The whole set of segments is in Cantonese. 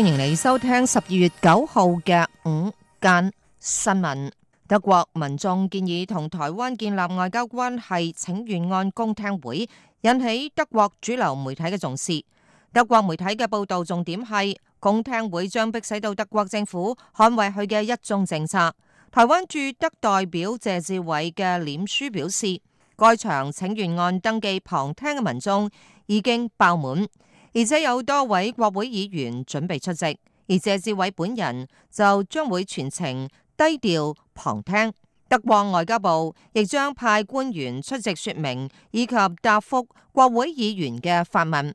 歡迎嚟收聽十二月九號嘅午間新聞。德國民眾建議同台灣建立外交關係，請願案公聽會引起德國主流媒體嘅重視。德國媒體嘅報道重點係公聽會將迫使到德國政府捍衛佢嘅一中政策。台灣駐德代表謝志偉嘅臉書表示，該場請願案登記旁聽嘅民眾已經爆滿。而且有多位國會議員準備出席，而謝志偉本人就將會全程低調旁聽。德國外交部亦將派官員出席說明以及答覆國會議員嘅發問。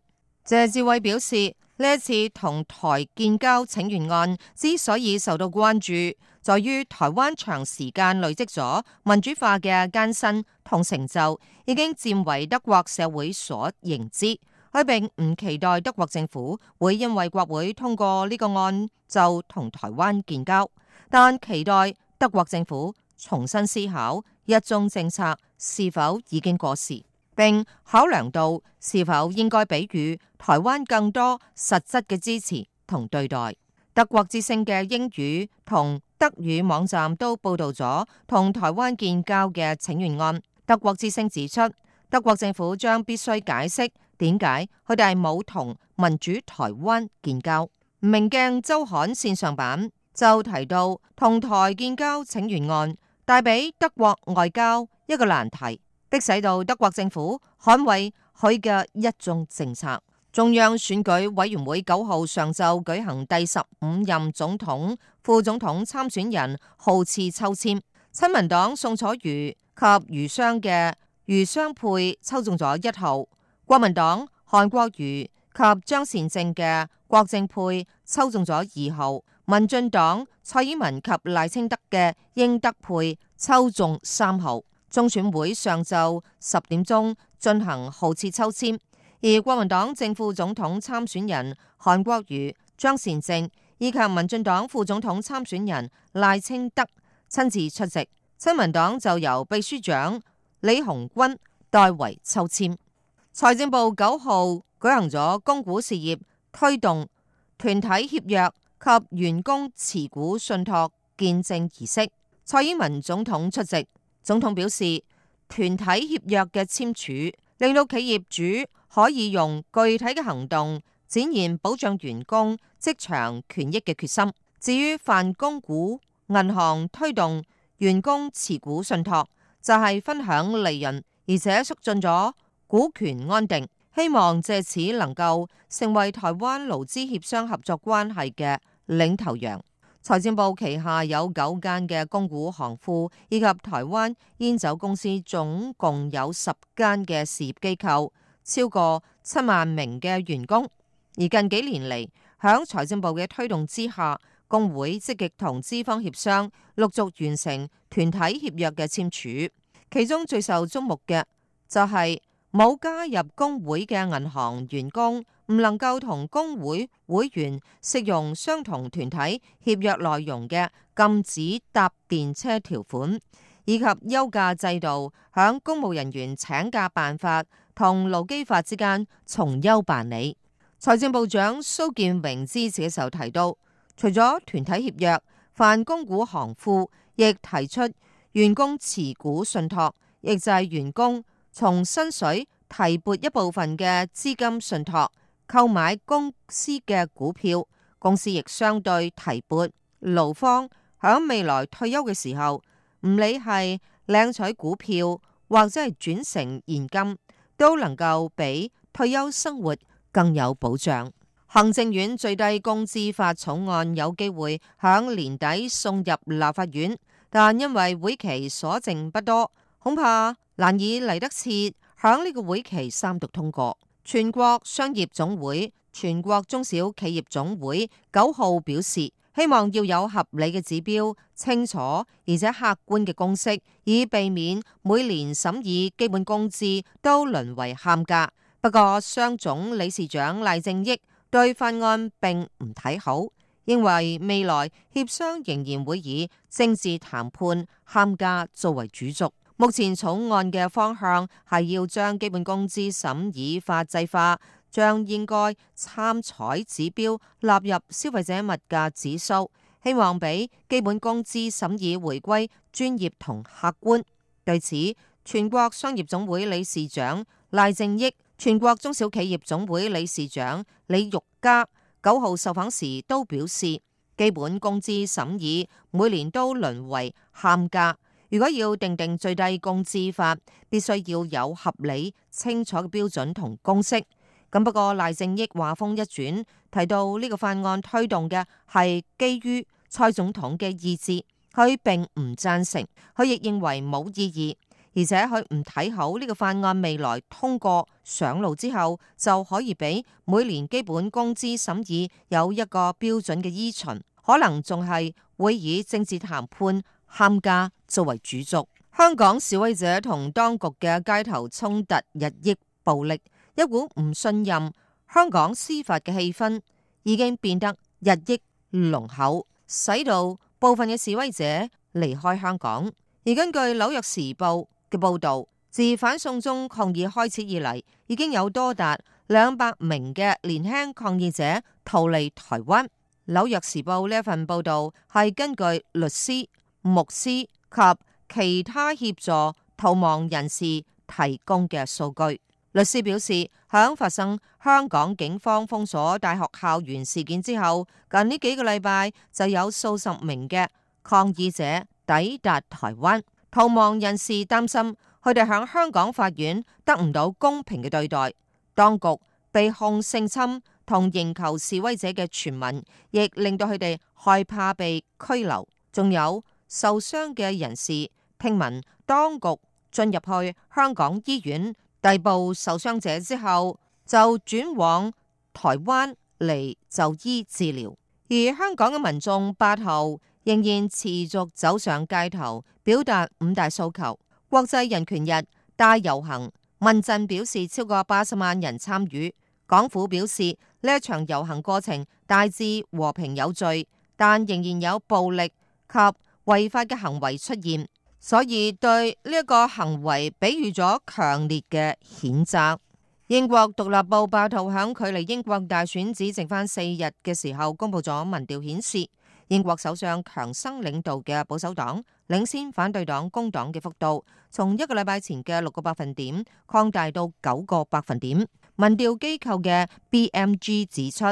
謝志偉表示，呢一次同台建交請願案之所以受到關注，在於台灣長時間累積咗民主化嘅艱辛同成就，已經占為德國社會所認知。佢並唔期待德國政府會因為國會通過呢個案就同台灣建交，但期待德國政府重新思考一中政策是否已經過時，並考量到是否應該給予台灣更多實質嘅支持同對待。德國之聲嘅英語同德語網站都報道咗同台灣建交嘅請願案。德國之聲指出，德國政府將必須解釋。點解佢哋係冇同民主台灣建交？明鏡周刊線上版就提到，同台建交請願案帶俾德國外交一個難題，迫使到德國政府捍衛佢嘅一中政策。中央選舉委員會九號上晝舉行第十五任總統、副總統參選人號次抽籤，親民黨宋楚瑜及余湘嘅余湘配抽中咗一號。國民黨韓國瑜及張善政嘅國政配抽中咗二號，民進黨蔡英文及賴清德嘅英德配抽中三號。中選會上晝十點鐘進行號次抽簽，而國民黨正副總統參選人韓國瑜、張善政以及民進黨副總統參選人賴清德親自出席，親民黨就由秘書長李鴻鈞代為抽簽。財政部九號舉行咗公股事業推動團體協約及員工持股信託見證儀式，蔡英文總統出席。總統表示，團體協約嘅簽署令到企業主可以用具體嘅行動展現保障員工職場權益嘅決心。至於泛公股銀行推動員工持股信託，就係、是、分享利潤，而且促進咗。股權安定，希望借此能夠成為台灣勞資協商合作關係嘅領頭羊。財政部旗下有九間嘅公股行庫，以及台灣菸酒公司，總共有十間嘅事業機構，超過七萬名嘅員工。而近幾年嚟，響財政部嘅推動之下，工會積極同資方協商，陸續完成團體協約嘅簽署。其中最受矚目嘅就係、是。冇加入工會嘅銀行員工唔能夠同工會會員適用相同團體協約內容嘅禁止搭電車條款，以及休假制度響公務人員請假辦法同勞基法之間從優辦理。財政部長蘇建榮致辭嘅時候提到，除咗團體協約，泛公股行庫亦提出員工持股信託，亦就係員工。從薪水提撥一部分嘅資金信託購買公司嘅股票，公司亦相對提撥勞方響未來退休嘅時候，唔理係領取股票或者係轉成現金，都能夠俾退休生活更有保障。行政院最低工資法草案有機會響年底送入立法院，但因為會期所剩不多，恐怕。難以嚟得切響呢個會期三讀通過。全國商業總會、全國中小企業總會九號表示，希望要有合理嘅指標、清楚而且客觀嘅公式，以避免每年審議基本工資都淪為喊價。不過，商總理事長賴正益對法案並唔睇好，認為未來協商仍然會以政治談判喊價作為主軸。目前草案嘅方向係要將基本工資審議法制化，將應該參採指標納入消費者物價指數，希望俾基本工資審議回歸專業同客觀。對此，全國商業總會理事長賴正鎰，全國中小企業總會理事長李玉嘉九號受訪時都表示，基本工資審議每年都淪為喊價。如果要定定最低工資法，必須要有合理清楚嘅標準同公式。咁不過賴正益話鋒一轉，提到呢個法案推動嘅係基於蔡總統嘅意志，佢並唔贊成，佢亦認為冇意義，而且佢唔睇好呢個法案未來通過上路之後就可以俾每年基本工資審議有一個標準嘅依循，可能仲係會以政治談判喊價。作為主軸，香港示威者同當局嘅街頭衝突日益暴力，一股唔信任香港司法嘅氣氛已經變得日益濃厚，使到部分嘅示威者離開香港。而根據《紐約時報》嘅報道，自反送中抗議開始以嚟，已經有多達兩百名嘅年輕抗議者逃離台灣。《紐約時報》呢一份報道，係根據律師、牧師。及其他協助逃亡人士提供嘅數據，律師表示，響發生香港警方封鎖大學校園事件之後，近呢幾個禮拜就有數十名嘅抗議者抵達台灣。逃亡人士擔心佢哋響香港法院得唔到公平嘅對待，當局被控性侵同刑求示威者嘅傳聞，亦令到佢哋害怕被拘留，仲有。受傷嘅人士聽聞當局進入去香港醫院逮捕受傷者之後，就轉往台灣嚟就醫治療。而香港嘅民眾八號仍然持續走上街頭，表達五大訴求。國際人權日大遊行，民陣表示超過八十萬人參與。港府表示呢一場遊行過程大致和平有序，但仍然有暴力及。違法嘅行為出現，所以對呢一個行為，比喻咗強烈嘅譴責。英國獨立報報導響距離英國大選只剩翻四日嘅時候，公布咗民調顯示，英國首相強生領導嘅保守黨領先反對黨工黨嘅幅度，從一個禮拜前嘅六個百分點擴大到九個百分點。民調機構嘅 BMG 指出，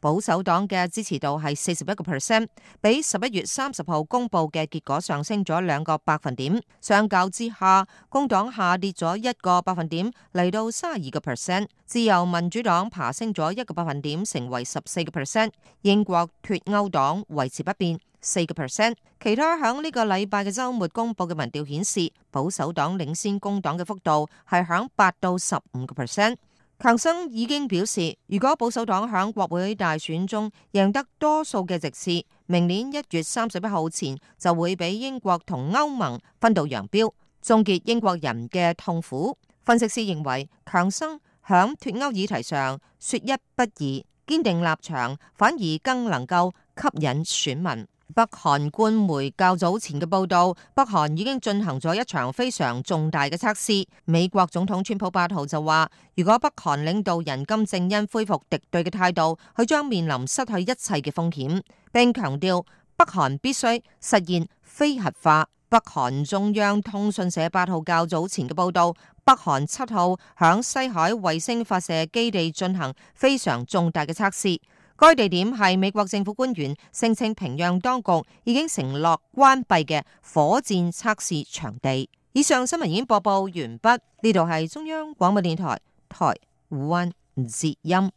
保守黨嘅支持度係四十一個 percent，比十一月三十號公布嘅結果上升咗兩個百分點。相較之下，工黨下跌咗一個百分點，嚟到三十二個 percent。自由民主黨爬升咗一個百分點，成為十四個 percent。英國脫歐黨維持不變，四個 percent。其他響呢個禮拜嘅周末公布嘅民調顯示，保守黨領先工黨嘅幅度係響八到十五個 percent。強生已經表示，如果保守黨喺國會大選中贏得多數嘅席次，明年一月三十一號前就會俾英國同歐盟分道揚鑣，終結英國人嘅痛苦。分析師認為，強生響脫歐議題上說一不二，堅定立場反而更能夠吸引選民。北韓官媒較早前嘅報道，北韓已經進行咗一場非常重大嘅測試。美國總統川普八號就話，如果北韓領導人金正恩恢復敵對嘅態度，佢將面臨失去一切嘅風險，並強調北韓必須實現非核化。北韓中央通訊社八號較早前嘅報道，北韓七號響西海衛星發射基地進行非常重大嘅測試。該地點係美國政府官員聲稱平壤當局已經承諾關閉嘅火箭測試場地。以上新聞已經播報完畢，呢度係中央廣播電台台灣之音。